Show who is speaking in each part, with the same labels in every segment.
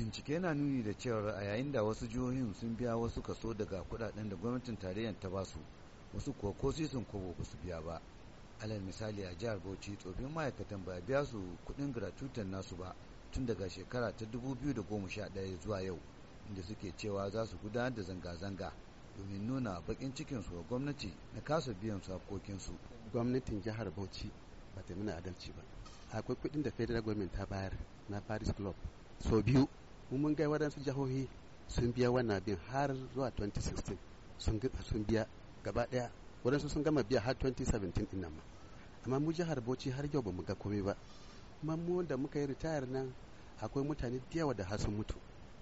Speaker 1: bincike na nuni da cewar a yayin da wasu jihohin sun biya wasu kaso daga kudaden da gwamnatin tarayyar ta ba su wasu kuwa ko sun kobo ba su biya ba alal misali a jihar bauchi tsofin ma'aikatan ba biya su kudin gratutan nasu ba tun daga shekara ta 2011 zuwa yau inda suke cewa za su gudanar da zanga-zanga domin nuna bakin cikinsu wa gwamnati na kasa biyan su hakokinsu gwamnatin jihar bauchi ba ta nuna adalci ba
Speaker 2: akwai kudin da federal government ta bayar na paris club sau biyu mun ga waɗansu jihohi sun biya wannan abin har zuwa 2016 sun biya gaba ɗaya waɗansu sun gama biya har 2017 ɗin ma amma mu jihar bauchi har yau ba mu ga komai ba kuma mu da muka yi ritayar nan akwai mutane da yawa da har mutu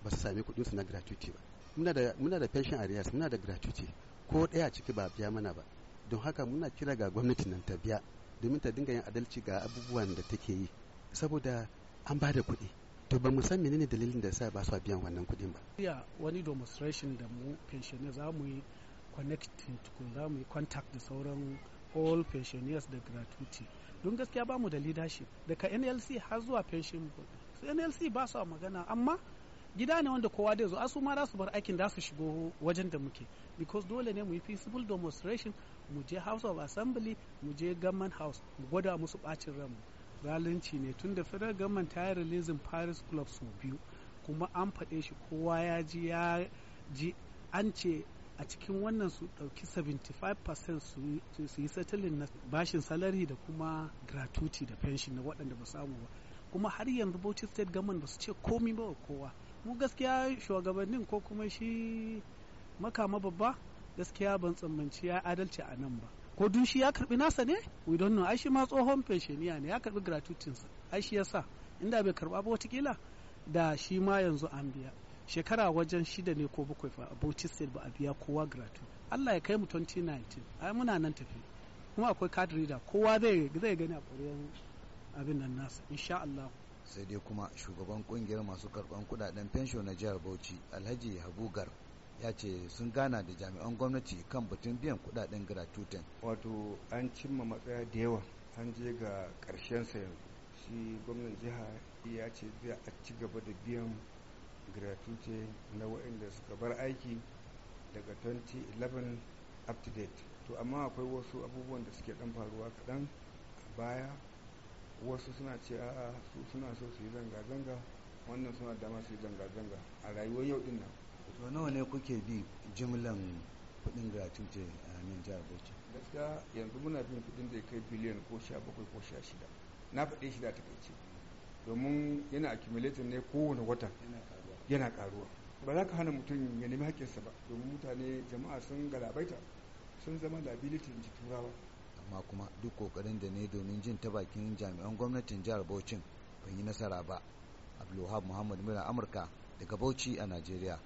Speaker 2: ba su sami kuɗinsu na gratuity ba muna da muna da pension arrears muna da gratuity ko ɗaya ciki ba biya mana ba don haka muna kira ga gwamnati nan ta biya domin ta dinga yin adalci ga abubuwan da take yi saboda an ba da kuɗi to ba mu san menene dalilin da sa ba su biyan wannan kuɗin ba
Speaker 3: ya wani demonstration da mu pensioners za mu yi connecting za mu yi contact da sauran all pensioners da gratuity don gaskiya ba mu da leadership daga nlc har zuwa pension board So nlc ba su magana amma gida ne wanda kowa da zo a su ma su bar aikin da su shigo wajen da muke because dole ne mu yi peaceful demonstration mu je house of assembly mu je government house mu gwada musu bacin ranmu zalunci ne tun da federal government ta yi releasing paris club su biyu kuma an faɗe shi kowa ya ji ya ji an ce a cikin wannan su ɗauki 75% su yi satalin na bashin salari da kuma gratuity da pension na waɗanda ba samu ba kuma har yanzu bauchi state government ba su ce komi ba kowa mu gaskiya shugabannin ko kuma shi makama babba gaskiya ban tsammanci ya adalci a nan ba ko dun shi ya karbi nasa ne we don't know ai shi ma tsohon pensioniya ne ya karbi sa ai shi yasa inda bai karba ba watakila da shi ma yanzu an biya shekara wajen shida ne ko bakwai fa Bauchi ba a biya kowa gratuity Allah ya kai mu 2019 ai muna nan tafi kuma akwai card reader kowa zai zai gani a ƙwaryen abin nan nasa insha Allah
Speaker 1: sai dai kuma shugaban kungiyar masu karban kudaden pension na jihar Bauchi Alhaji Habu Gar ya ce sun gana da jami'an gwamnati kan batun biyan kudaden gratuitin
Speaker 4: wato an cimma matsaya da yawa an je ga karshen sa yanzu shi gwamnan jiha ya ce zai a ci gaba da biyan gratuite na waɗanda suka bar aiki daga 2011 up to date to amma akwai wasu abubuwan da suke dan faruwa kaɗan a baya wasu suna ce a'a su suna so su yi zanga-zanga wannan suna dama su yi zanga-zanga a rayuwar yau din nan
Speaker 1: to nawa ne kuke bi jimlan kudin gratuity a nan jihar bauchi
Speaker 4: gaskiya yanzu muna bin kudin da ya kai biliyan ko sha bakwai ko sha shida na faɗi shida ta kai domin yana accumulator ne kowane wata yana karuwa ba za ka hana mutum ya nemi haƙƙinsa ba domin mutane jama'a sun galabaita sun zama liability in ji turawa
Speaker 1: amma kuma duk kokarin da ne domin jin ta bakin jami'an gwamnatin jihar Bauchin ban yi nasara ba Abdulwahab Muhammad Mura Amurka daga Bauchi a Najeriya